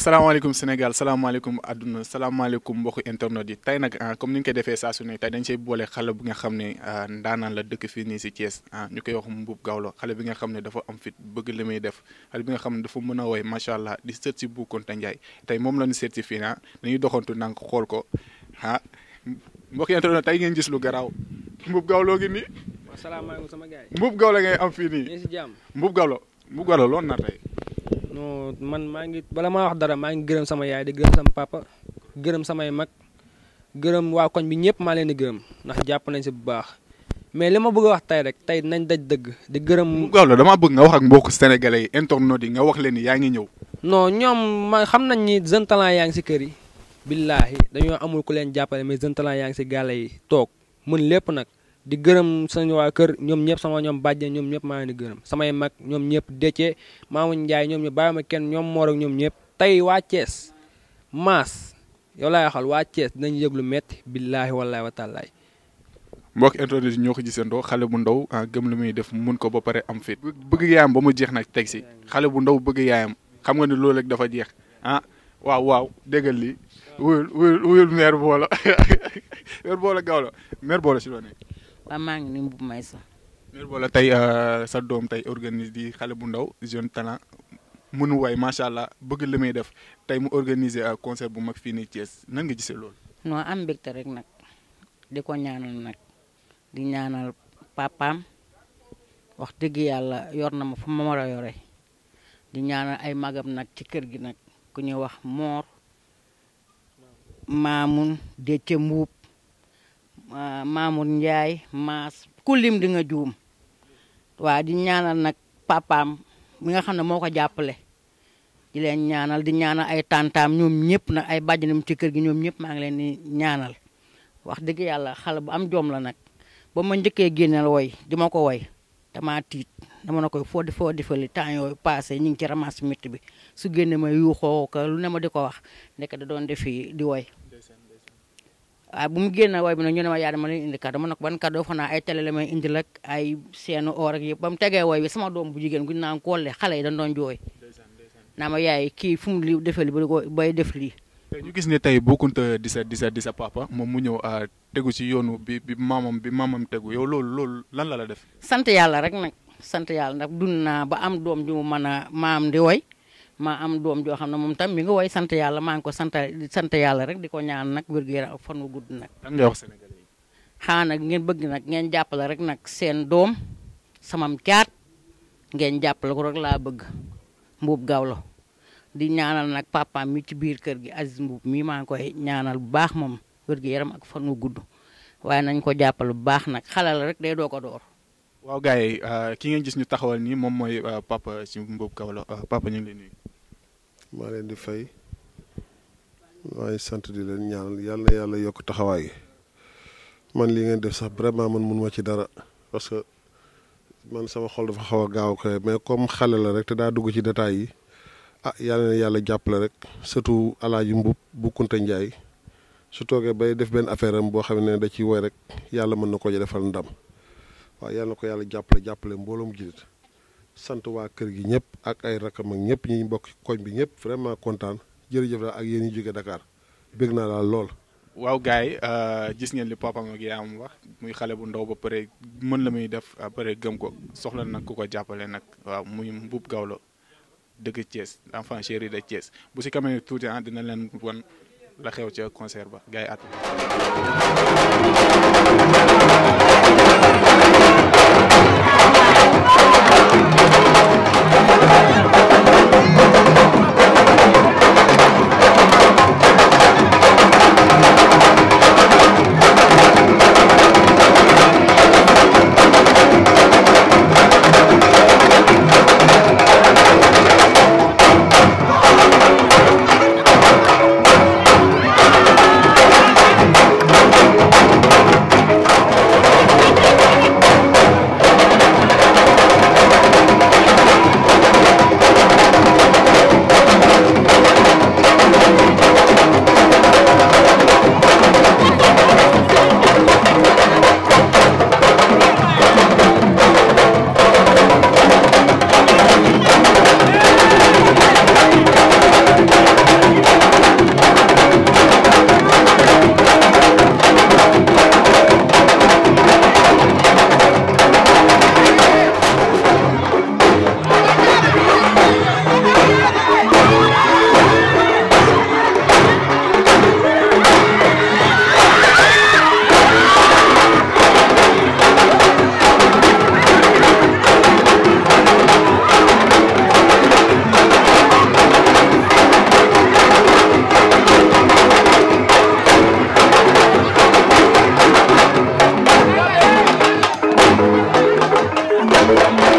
salaamaaleykum Sénégal salaamaaleykum àdduna salaamaaleykum mbokku internet yi tey nag ah, comme ni ñu ko defee saa su ne tey dañ see boole xale bi nga xam ne ah, ndaanaan la dëkk fii nii si Thiès ah, ñu koy wax Mbuub Gawlo xale bi nga xam ne dafa am fit bëgg li muy def xale bi nga xam ne dafa mën a woy macha allah di seet si Bou Kounta Ndiaye tey moom la ñu seet si fii naa dañuy doxantu ndànk xool ko ah mbokku internet tey ngeen gis lu garaw Mbuub Gawlo gi nii. waaw salaamaaleykum sama Gawlo ngay am fii nii. ñu ngi si jàmm loon na tey non man maa ngi bala maa wax dara maa ngi gërëm sama yaay di gërëm sama papa gërëm samay mag gërëm waa koñ bi ñëpp maa leen di gërëm ndax jàpp nañ si bu baax mais li ma bëgg a wax tey rek tey nañ daj dëgg di gërëm. gaaw la damaa bëgg nga wax ak mbokku sénégalais yi internautes yi nga wax leen ni yaa ngi ñëw. non ñoom ma xam nañ ni jeune talent yaa ngi si kër yi. billaahi dañoo amul ku leen jàppale mais jeune talent yaa ngi si gàlle yi toog mën lépp nag di gërëm sañ waa kër ñoom ñëpp sama ñoom bàjje ñoom ñëpp maa ngi gërëm samay mag ñoom ñëpp Déthié Maamu Njaay ñoom ñu bàyyi ma kenn ñoom Mor ak ñoom ñëpp tey waa Thiès maas yow laay waxal waa Thiès dinañu yëg lu metti billaahi wallaahi wa taalaay mbokk internet ñoo ko gisandoo xale bu ndaw ah gëm lu muy def mun ko ba pare am fit bëgg yaayam ba mu jeex nag teg si xale bu ndaw bëgg yaayam xam nga ne loolu rek dafa jeex ah waaw waaw déggal lii wuyul wuyul wuyul meer boola meer boola si loo nekk waaw maa ngi ni mbubb may sol mère Bola tey euh, sa doom tey organise di xale bu ndaw jeune talent mënu waay macha allah bëgg li muy def tey mu organiser euh, concert bu mag fii nii Thiès nan nga gisee lool non am mbégte rek nag di ko ñaanal nag di ñaanal papaam wax dëgg yàlla yor na ma fu ma war a yore di ñaanal ay magam nag ci kër gi nag ku ñuy wax Moor Maamun Déthié Mbuub Euh, Mamour Ndiaye Maas ku lim di nga juum waaw di ñaanal nag papaam mi nga xam ne moo ko jàppale di leen ñaanal di ñaanal ay tàntaam ñoom ñëpp nag ay bàjjanam ci kër gi ñoom ñëpp maa ngi leen di ñaanal wax dëgg yàlla xale bu am joom la nag ba ma njëkkee génneel woy di ma ko woy dama tiit dama na koy foo di foo defali temps yooyu passé ñu ngi ci ramas bi su génne ma yuuxoo ko lu ne ma di ko wax nekk da doon defi di woy waaye ah, bu mu génn way bi nag ñu ne ma yaa dama leen indi cadeau ma ne ko ban cadeau fanaa ay télé la may indil ak ay seenu or ak yëpp ba mu tegee way bi sama doom bu jigéen guñ naan koolle xale yi dañ doon jooy naa ma yaay kii fu mu li defee li ba ko bay def lii gis ne tey bokkunta di sa di sa di sa papa moom mu ñëw ah, tegu si yoonu bi bi maamam bi maamam tegu yow loolu loolu lan la la def sant yàlla rek nag sant yàlla ndax dund naa ba am doom ju mu mën a maam di woy ma am doom joo xam ne moom tam mi nga woy sant yàlla maa ngi ko santa sant yàlla rek di ko ñaan nag wér gu fan wu gudd nag. lan nga wax Sénégalais yi. nag ngeen bëgg nag ngeen jàppale rek nag seen doom samam caat ngeen jàppale ko rek laa bëgg mbuub gawlo di ñaanal nag papaam mi ci biir kër gi Aziz mbuub mii maa ngi koy ñaanal bu baax moom wér yaram ak fan wu gudd waaye nañ ko jàppal bu baax nag xalal rek day doo ko door. waaw gars yi euh, ki ngeen gis ñu taxawal nii moom mooy euh, papa ci mbuub gawlo euh, papa ñu ngi lay maa leen di fay waaye sant di leen ñaanal yàlla yàlla yokk taxawaay man li ngeen def sax vraiment man mun ma ci dara parce que man sama xol dafa xaw a gaaw kay mais comme xale la rek te daa dugg ci détails yi ah yàlla na yàlla jàppale rek surtout alaaji mbub bu Kunta Njaay su toogee bay def benn affaire am boo xam ne da ciy woy rek yàlla mën na ko defal ndam waaw yàlla ko yàlla jàppale jàppale mbooloom jullit sant waa kër gi ñëpp ak ay rakam ak ñëpp ñi mbokk koñ bi ñëpp vraiment kontaan jërëjëf la ak yéen ñi jóge dakaar bégg naa daal lool. waaw gars yi euh, gis ngeen li papam ak yaayam wax muy xale bu ndaw ba pare mën la muy def ba pare gëm ko soxla nag ku ko jàppale nag waaw muy Mboup Gawlo dëkk Thiès enfant chéri de Thiès bu si kamee tuuti ah dina leen wan la xew ca concert ba gars yi Thank you.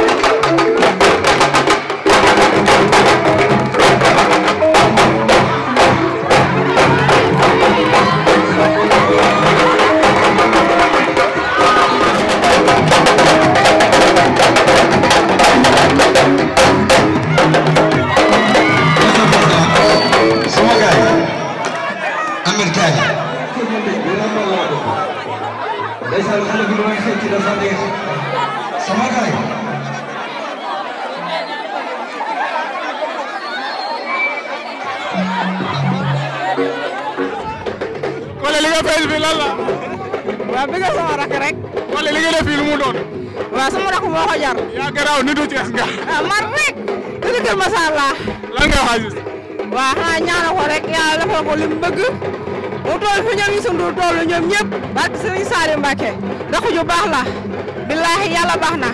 teewlu ñoom ñëpp barke Serigne Saliou Mbacké rakk ju baax la billaahi yàlla baax na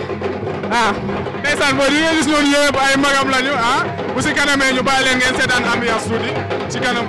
waaw. ndeysaan boo di nga gis noonu yëpp ay magam lañu ah bu si kanamee ñu bàyyi leen ngeen seetaan ambiance tuuti ci kanam.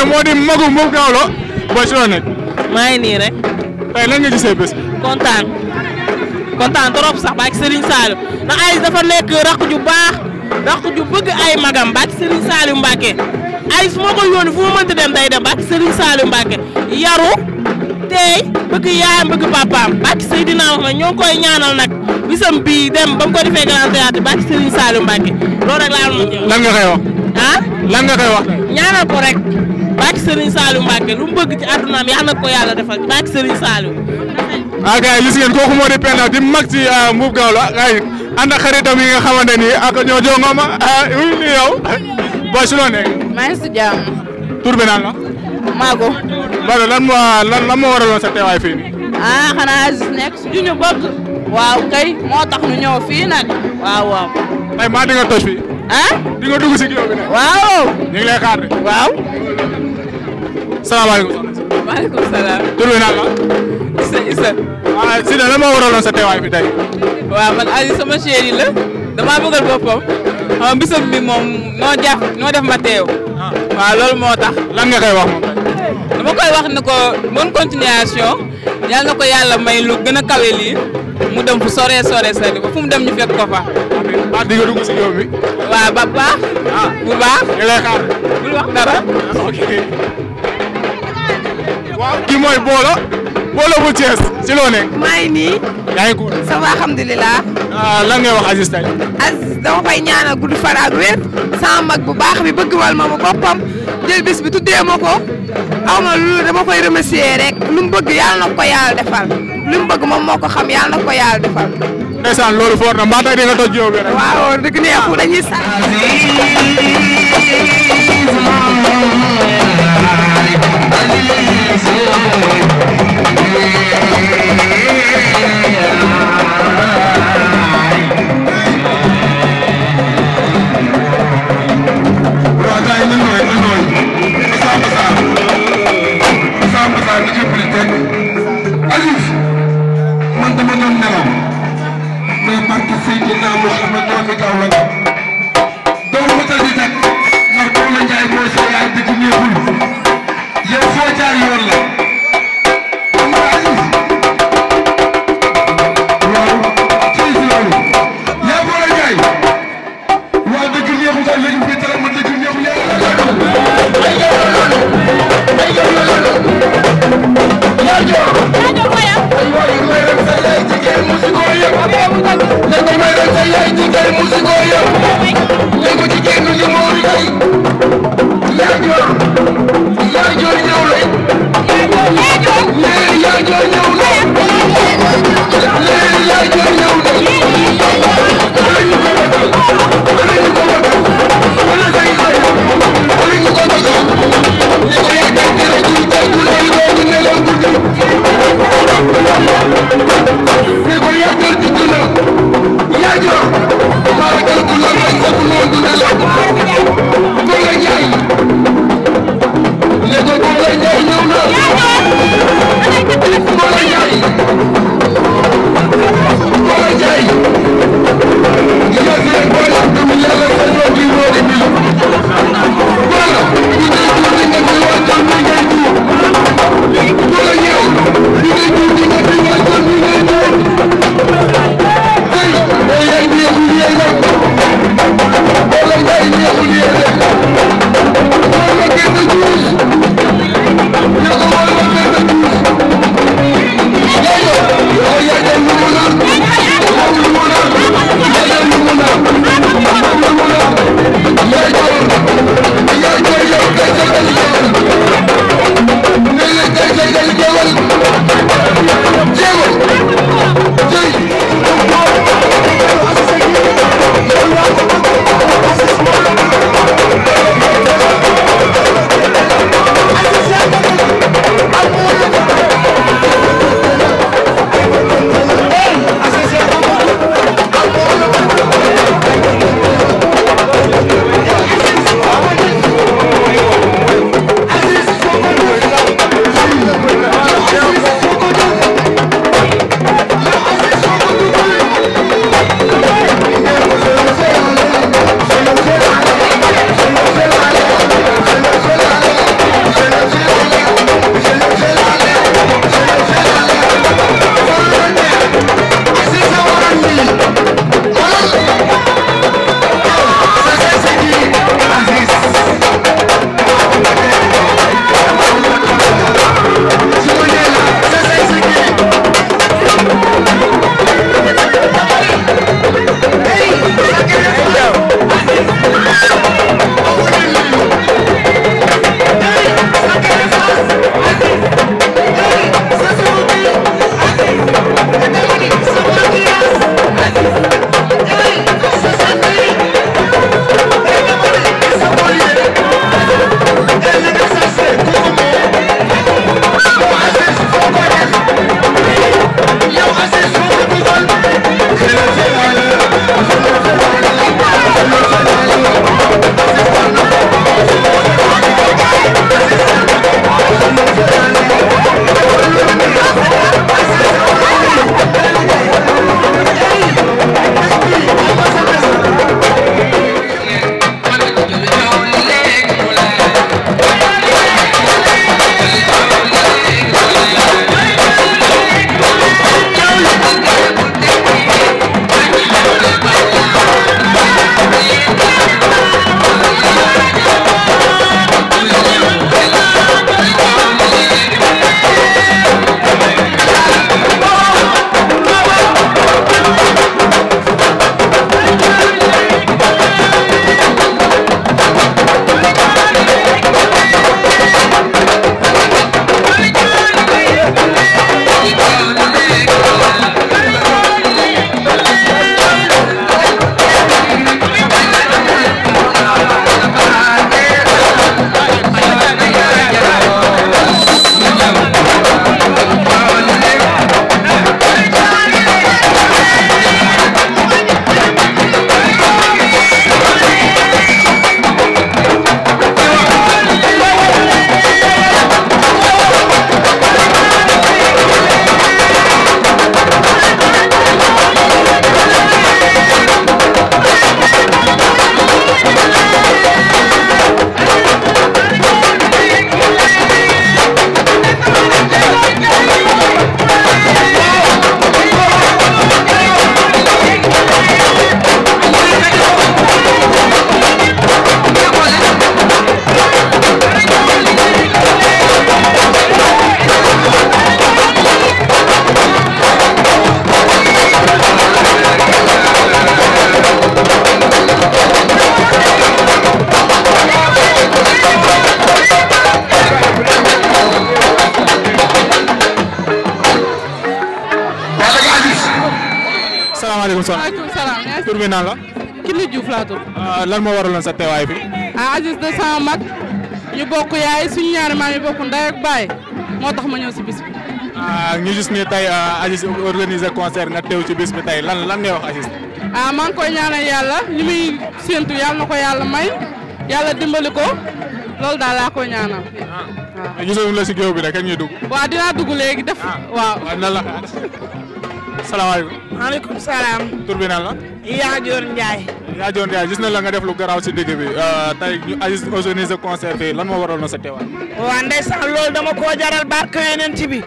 ne moo di magum boobu Kaolack booy si loo nekk. maa ngi nii rek. tey lan nga gisee bés kontaan kontaan trop sax ba ak Serigne Saliou ndax Aziz dafa nekk rakk ju baax rakk ju bëgg ay magam ba ak Serigne Saliou Mbacké Aziz moo ko yónni fu mu mënti dem day dem ba ak Serigne Saliou Mbacké yaru tey bëgg yaayam bëgg papaam ba ak Seydina Muhammad ñoo ngi koy ñaanal nag bisam bii dem ba mu ko defee Grand Théâtre ba ak Serigne Saliou Mbacké loolu rek laa am. lan nga Sarr. lan nga koy wax. ñaanal ko rek. bàkki Serigne Saliou Mbacke lu mu bëgg ci àddunaam yàlla na ko yàlla defal bàkki Serigne Saliou. ah gars yi gis ngeen kooku moo di Penda di mag ci euh, Mbuub Gawla ay ànd ak xaritam yi nga xamante ni ak ñoo jongo ma ah oui nii yow. booy maa si jàmm. tur bi naan la. Mago. Mago lan moo lan lan moo waraloon sa teewaay fii nii. ah xanaa Aziz nekk suñu bëgg. waaw kay moo tax ñu ñëw fii nag. waaw waaw. tey maa di nga toj fii. ah di dugg si kii bi nag. waaw. ñu ngi lay xaar de. waaw. salaamaaleykum. maaleykum salaam. tur bi naka. Issa Issa. ah Sida moo waaw man Aziz ah. waaw loolu moo tax. lan nga koy wax moom wax ne ko bonne continuation. yal na ko yàlla may lu gën a kawe lii. mu dem fu sore sore sori ba mu dem ñu ah, dugg si yow bi. waaw ba baax. ah bu baax. ñu lay xaar. bul wax dara. ok. waaw kii mooy Bolo. Bolo bu Thiès si loo nekk. maa ngi nii. yaa ngi ko. alhamdulilah. lan ngay wax Aziz tey. dama koy ñaanal gudd fan ak sama mag bu baax bi bëgg wal ma ma boppam jël bis bi tuddee ma ko aw ma lu dama koy remercier rek lu mu bëgg yàlla na ko yàlla defal lu mu bëgg moom moo ko xam yàlla na ko yàlla defal. ndeysaan loolu foor na mbaa tey toj yow rek. doomu ma tëdd nag ndax doomu njaay mooy sa yaay di ci néegul naan la. Kine Diouf laa tudd. Ah, lan moo waraloon sa teewaay fi. ah Aziz de sama mag ñu bokk yaay suñu ñaari maam yi bokk ndey baay moo tax ma ñëw si bis bi. Ah, ñu gis ni tey ah, Aziz organiser concert nga teew ci bis bi tey lan lan ngay wax Aziz. ah maa ngi koy ñaanal yàlla ñu muy séentu yàlla na ko yàlla may yàlla dimbali ko loolu daal laa koy ñaanal. waaw gisoon la si géew bi rek kañ ñuy dugg. waaw dinaa dugg léegi def. waa waaw nan la. salaamaaleykum. maaleykum salaam. tur la. Yaajoor Ndiaye. Yaajoor Ndiaye gis na la nga def lu garaaw si dëgg bi euh, tey ñu Aziz organiser concert fii lan moo waral na sa teewaat. waaw ndeysaan loolu dama koo jaral barke Yonent bi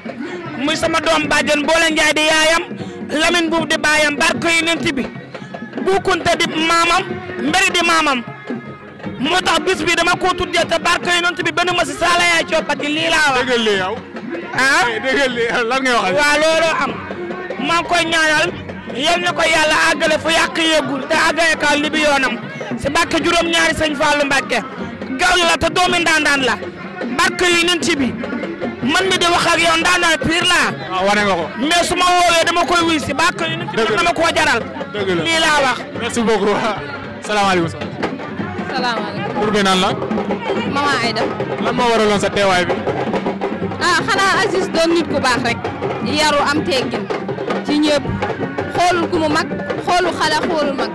muy sama doom bàjjen Boole Ndiaye di yaayam Lamine Buub di baayam barke Yonent bi Bukunta di maamam Mbéri di maamam moo tax bis bi dama koo tuddee te barke Yonent bi benn ma si saala yaay coppati lii laa wax. dëggal ah? looloo am maa koy ñaanal. yal na ko yàlla àggale fu yàq yëggul te àggale kaw li bi yoonam si barke juróom-ñaari sëñ Fallou Mbacke gaw la te doomi ndaandaan la barke yu nen ci bi man mi di wax ak yow ndaandaan pire laa. Ah, waaw ma woowee dama koy wuy si barke yu nen ci bi dama jaral. dëgg la lii laa wax. merci beaucoup salaamaaleykum. salaamaaleykum. pour bi naan la. maman Aïda. lan moo waraloon sa teewaay bi. ah xanaa Aziz doon nit ku baax rek. yaru am teggin ci ñëpp. xoolul ku mu mag xoolul xale xoolul mag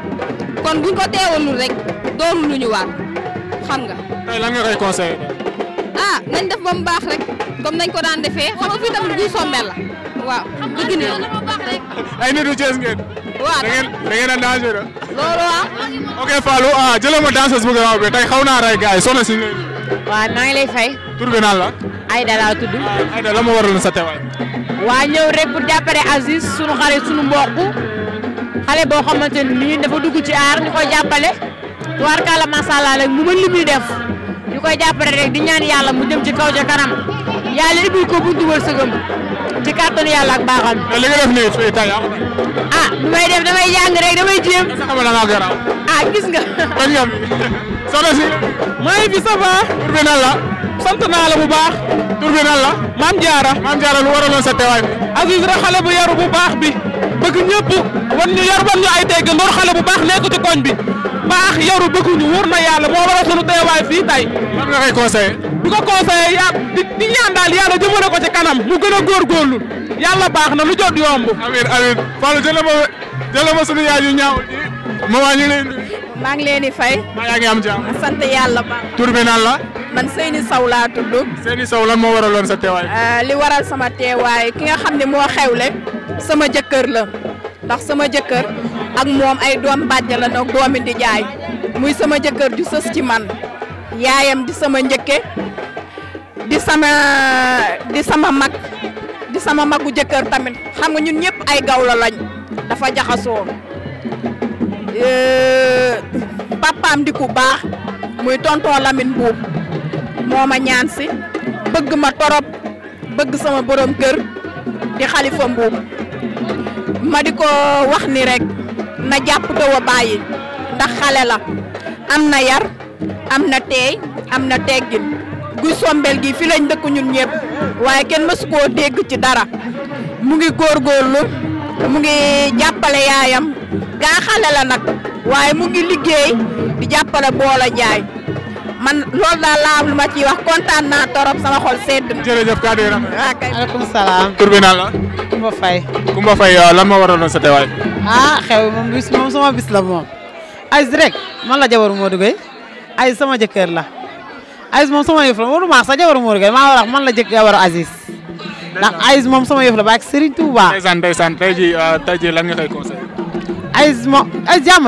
kon buñ ko teewalul rek doonul lu ñu war xam nga. tey lan nga koy conseillé. ah nañ def ba mu baax rek comme nañ ko daan defee xam nga fii tamit guy sombel la waaw. dëgg ne ay nit yu Cees ngeen. waaw da ngeen da ngeen a dangereux. loolu ah. ok Fallou ah jëlal ma danseuse bu gaaw bi tey xaw naa rey gars soxna si ñu. waaw maa lay fay. tur bi la. Aïda laa tudd. Aïda la ma waraloon sa teewaay. waa ñëw rek pour jàppale Aziz sunu xarit sunu mbokk xale boo xamante ni dafa dugg ci aar ñu koy jàppale tubaarkàlla macha allah rek mu mën li muy def ñu koy jàppale rek di ñaan yàlla mu jëm ci kaw ca kanam yàlla ubbil ko buntu wërsëgam. ci kàttanu yàlla ak baaxam. li nga def nii suy tànn ah bu may def damay jàng rek damay jéem. sama da ngaa garaaw. ah nga. bañ nga fi ça va. tur naa la bu baax. tur bi nan lu waraloon sa teewaay bi. Aziz rek xale bu yaru bu baax bi. bëgg ñëpp wan ñu yar wan ñu ay tegg ndoor xale bu baax nekk ci koñ bi. baax yaru bëgguñu wóor na yàlla moo waral sunu teewaay fii tay di ko conseillé ya di di ñaan daal yàlla jëmale ko ci kanam mu gën a góor góorgóorlu yàlla baax na lu jot yomb. amiin amiin Fallou jëlee ma jëlee ma sunu yaay yu ñaawul ji maman ñu ngi leen maa ngi leen di fay. maa yaa ngi am jàmm. sant yàlla baax. tur bi nan la. man Seyni Sow laa tudd. Seyni Sow lan sa teewaay. Euh, li waral sama teewaay ki nga xam ne moo xewle sama jëkkër la ndax sama jëkkër ak moom ay doom bàjj la nag doomi di jaay muy sama jëkkër di sës ci man yaayam di sama njëkke di sama di sama mag di sama magu jëkkër tamit xam nga ñun ñëpp ay gawlo lañ dafa jaxasoo papaam di ku baax muy tonton Lamine Mbuub moo ma ñaan si bëgg ma torop bëgg sama borom kër di xalifa Mbuub ma di ko wax ni rek na jàpp taw a bàyyi ndax xale la am na yar am na teey am na teggin guy sombel gi fi lañ dëkk ñun ñëpp waaye kenn mësu koo dégg ci dara mu ngi góorgóorlu mu ngi jàppale yaayam gaa xale la nag waaye mu ngi liggéey di jàppale Boola Njaay man loolu daal laa am lu ma ciy wax kontaan naa torop sama xol sedd na. jërëjëf kàddu yi rafet. waaw kay salaam. tur la. Kumba Faye. Kumba Faye lan ma waraloon sa teewaay. ah xew moom bis moom sama bis la moom. ay rek man la jabar moo duggee ay sama jëkkër la. Aziz moom sama yëf la wala maa sax jabaru Mourou Gueye maa war a wax man la jëkk jabaru Aziz ndax Aziz moom sama yëf la ba ak Serigne Touba. ndeysaan ndeysaan tey jii euh, tey jii lan nga koy conseillé. Aziz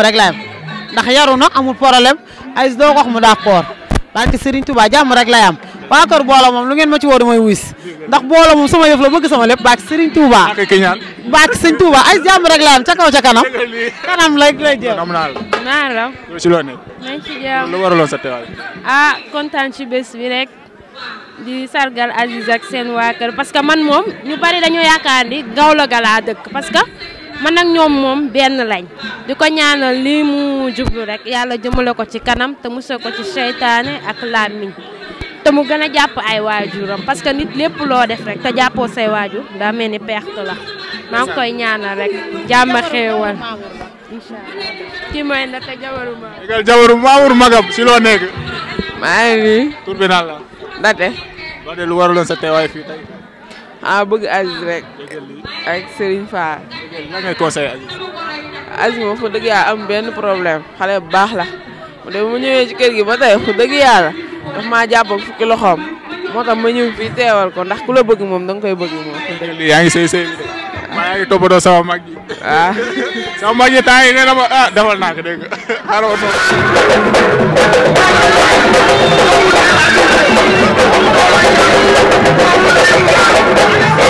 rek laay am ndax yaru na amul problème Aziz doo ko wax mu d'accord parce que Serigne Touba jàmm rek lay am waa kër boolo moom lu ngeen ma ci woo damay wuys ndax boolo moom sama yëf la bëgg sama lépp baak Serigne Touba baak Serigne Touba ay jàmm rek la am ca kaw ca kanam kanam lay lay jël am naa la naa la ci loo ne nañ ci jàmm lu waraloon ah, kontaan ci bés bi rek di sargal Aziz seen waa parce que man moom ñu bari dañoo yaakaar ni gawlo ga laa dëkk parce que man ak ñoom moom benn lañ di ko ñaanal lii mu jublu rek yàlla jëmale ko ci kanam te musal ko ci seytaane ak làmmiñ te mu gën a jàpp ay waajuram parce que nit lépp loo def rek te jàppoo say waajur daa mel ni perte la maa ngi koy ñaanal rek jàmm xéewal incha mooy Ndata jabaru Mamour. léegi magam si loo nekk. maa nii. Ndate. Ndate lu waraloon sa teewaay fii tey. ah bëgg Aziz rek. ak Serigne Fall. dëgg la fu dëgg yàlla am benn problème xale bu baax la mu dem mu ñëwee ci kër gi ba tey fu dëgg yàlla. daf maa jàpp ak fukki moo tax ma ñëw fii teewal ko ndax ku la bëgg moom da nga koy bëgg moom. yaa ngi sëy sëy bi de maa yaa ngi toppatoo sama mag yi. waaw ah. sama mag yi ah, naa ko dégg nga xaaral